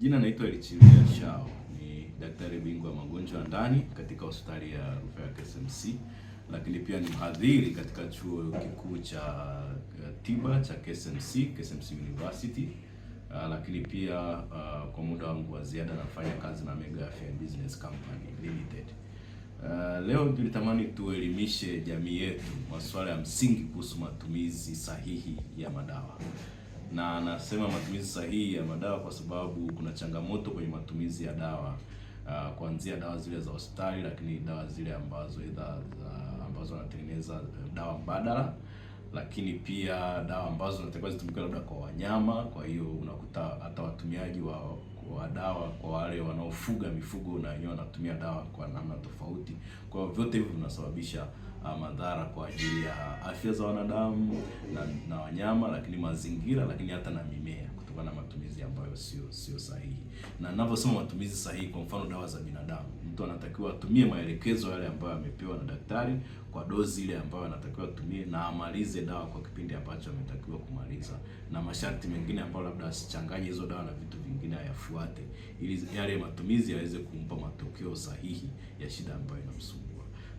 Jina naitwa Elichilia Shao, ni daktari bingwa wa magonjwa ya ndani katika hospitali ya rufaa ya KSMC, lakini pia ni mhadhiri katika chuo kikuu cha eh, tiba cha KSMC, KSMC University. Uh, lakini pia uh, kwa muda wangu wa ziada nafanya kazi na Mega Afya Business Company Limited. Uh, leo tulitamani tuelimishe jamii yetu masuala ya msingi kuhusu matumizi sahihi ya madawa na anasema matumizi sahihi ya madawa, kwa sababu kuna changamoto kwenye matumizi ya dawa uh, kuanzia dawa zile za hospitali, lakini dawa zile ambazo za ambazo wanatengeneza eh, dawa mbadala, lakini pia dawa ambazo zinatakiwa zitumike labda kwa wanyama. Kwa hiyo unakuta hata watumiaji wa wa dawa kwa wale wanaofuga mifugo na wenyewe wanatumia dawa kwa namna tofauti. Kwa hiyo vyote hivyo vinasababisha Ah, madhara kwa ajili ya afya za wanadamu na, na wanyama, lakini mazingira, lakini hata na mimea kutokana na matumizi ambayo sio sio sahihi. Na ninavyosema matumizi sahihi, kwa mfano dawa za binadamu, mtu anatakiwa atumie maelekezo yale ambayo amepewa na daktari kwa dozi ile ambayo anatakiwa atumie, na amalize dawa kwa kipindi ambacho ametakiwa kumaliza, na masharti mengine ambayo labda asichanganye hizo dawa na vitu vingine ayafuate, ili yale matumizi yaweze kumpa matokeo sahihi ya shida ambayo inamsumbua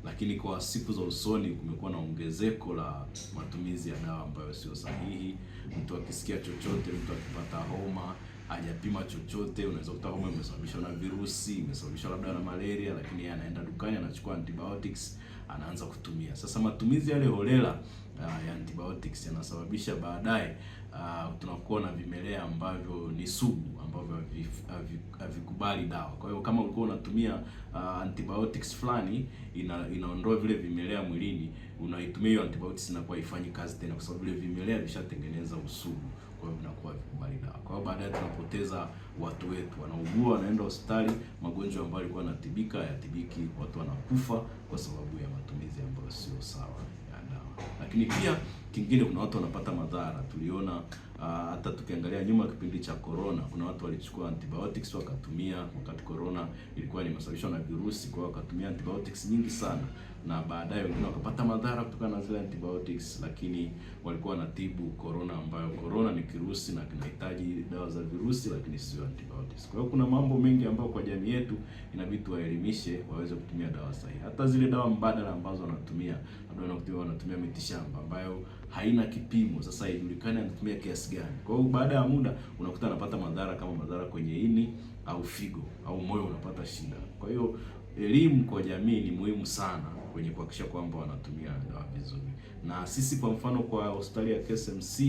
lakini kwa siku za usoni kumekuwa na ongezeko la matumizi ya dawa ambayo sio sahihi. Mtu akisikia chochote, mtu akipata homa hajapima chochote, unaweza kuta homa imesababishwa na virusi, imesababishwa labda na malaria, lakini yeye anaenda dukani anachukua antibiotics anaanza kutumia. Sasa matumizi yale holela uh, ya antibiotics yanasababisha baadaye uh, tunakuwa na vimelea ambavyo ni sugu ambavyo havikubali dawa. Kwa hiyo kama ulikuwa unatumia uh, antibiotics fulani ina, inaondoa vile vimelea mwilini, unaitumia hiyo antibiotics inakuwa ifanyi kazi tena, kwa sababu vile vimelea vishatengeneza usugu, kwa hiyo vinakuwa kawaida. Kwa hiyo baadaye tunapoteza watu wetu, wanaugua wanaenda hospitali, magonjwa ambayo yalikuwa yanatibika hayatibiki, watu wanakufa kwa sababu ya matumizi ambayo sio sawa ya dawa. Lakini pia kingine, kuna watu wanapata madhara. Tuliona uh, hata tukiangalia nyuma kipindi cha corona, kuna watu walichukua antibiotics wakatumia, wakati corona ilikuwa ni masababishwa na virusi, kwa hiyo wakatumia antibiotics nyingi sana na baadaye wengine wakapata madhara kutokana na zile antibiotics, lakini walikuwa wanatibu corona, ambayo corona ni kirusi na kinahitaji dawa za virusi, lakini sio antibiotics. Kwa hiyo kuna mambo mengi ambayo kwa jamii yetu inabidi tuwaelimishe waweze kutumia dawa sahihi, hata zile dawa mbadala ambazo wanatumia, labda wanatumia mitishamba ambayo haina kipimo, sasa haijulikani anatumia kiasi gani. Kwa hiyo baada ya muda unakuta anapata madhara kama madhara kwenye ini au figo au moyo unapata shida. Kwa hiyo elimu kwa jamii ni muhimu sana kwenye kuhakikisha kwamba wanatumia dawa vizuri. Na sisi kwa mfano kwa hospitali ya KSMC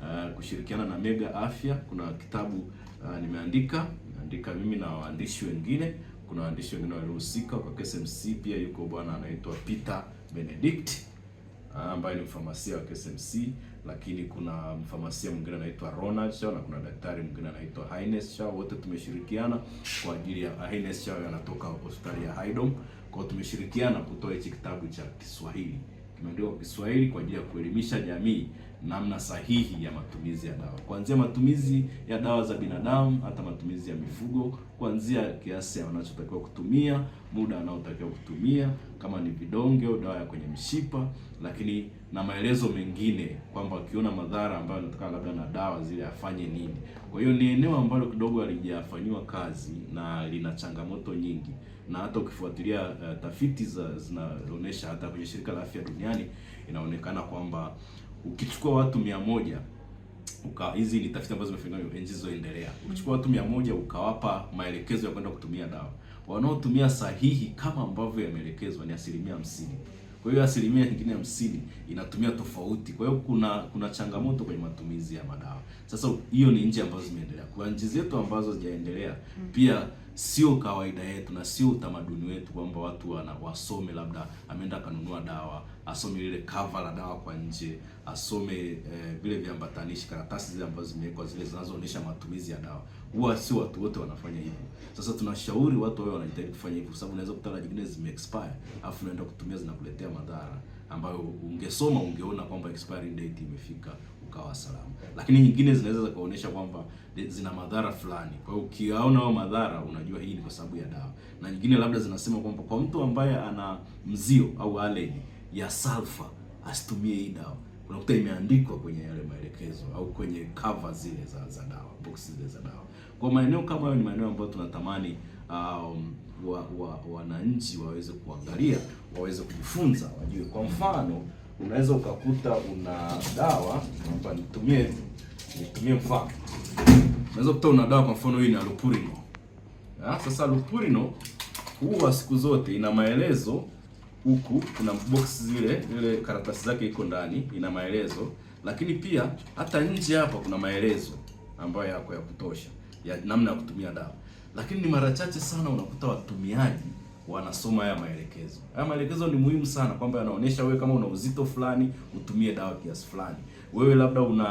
uh, kushirikiana na Mega Afya kuna kitabu uh, nimeandika nimeandika mimi na waandishi wengine. Kuna waandishi wengine waliohusika kwa KSMC pia, yuko bwana anaitwa Peter Benedict uh, ambaye ni mfamasia wa KSMC, lakini kuna mfamasia mwingine anaitwa Ronald Shaw na kuna daktari mwingine anaitwa Haines Shaw. Wote tumeshirikiana kwa ajili ya Haines Shaw, anatoka hospitali ya Haydom. Kwa tumeshirikiana kutoa hichi kitabu cha Kiswahili, kimeandikwa Kiswahili kwa ajili ya kuelimisha jamii namna sahihi ya matumizi ya dawa, kuanzia matumizi ya dawa za binadamu hata matumizi ya mifugo, kuanzia kiasi wanachotakiwa kutumia, muda wanaotakiwa kutumia, kama ni vidonge au dawa ya kwenye mshipa, lakini na maelezo mengine kwamba akiona madhara ambayo anatokana labda na dawa zile afanye nini. Kwa hiyo ni eneo ambalo kidogo halijafanyiwa kazi na lina changamoto nyingi, na hata ukifuatilia uh, tafiti zinaonyesha hata kwenye shirika la afya duniani inaonekana kwamba ukichukua watu mia moja hizi ni tafiti ambazo zimefanywa nchi zilizoendelea. Ukichukua watu mia moja ukawapa maelekezo ya kwenda kutumia dawa, wanaotumia sahihi kama ambavyo yameelekezwa ni asilimia hamsini. Kwa hiyo asilimia nyingine hamsini inatumia tofauti. Kwa hiyo kuna kuna changamoto kwenye matumizi ya madawa. Sasa hiyo ni nchi ambazo zimeendelea. Kuna nchi zetu ambazo zijaendelea mm. pia sio kawaida yetu na sio utamaduni wetu kwamba watu wana wasome, labda ameenda akanunua dawa, asome lile cover la dawa kwa nje, asome eh, vile viambatanishi, karatasi zile ambazo zimewekwa zile zinazoonyesha matumizi ya dawa. Huwa sio watu wote wanafanya hivyo. Sasa tunashauri watu wao wanajitahidi kufanya hivyo, sababu unaweza kutana jingine zime expire afu unaenda kutumia zinakuletea madhara ambayo ungesoma ungeona kwamba expiry date imefika ukawa salama, lakini nyingine zinaweza kuonyesha kwamba zina madhara fulani. Kwa hiyo ukiaona hao madhara unajua hii ni kwa sababu ya dawa, na nyingine labda zinasema kwamba kwa mtu ambaye ana mzio au allergy ya sulfa asitumie hii dawa. Unakuta imeandikwa kwenye yale maelekezo au kwenye cover zile za za dawa, box zile za dawa. Kwa maeneo kama hayo ni maeneo ambayo tunatamani um, wananchi wa, wa waweze kuangalia, waweze kujifunza, wajue kwa mfano unaweza ukakuta una dawa hapa, nitumie nitumie mfano, unaweza kuta una dawa, kwa mfano hii ni alupurino. Ah, sasa alupurino huwa siku zote ina maelezo huku, kuna box zile ile karatasi zake iko ndani, ina maelezo, lakini pia hata nje hapa kuna maelezo ambayo yako ya kutosha ya namna ya kutumia dawa, lakini ni mara chache sana unakuta watumiaji wanasoma haya maelekezo. Haya maelekezo ni muhimu sana, kwamba yanaonyesha wewe kama una uzito fulani utumie dawa kiasi fulani, wewe labda una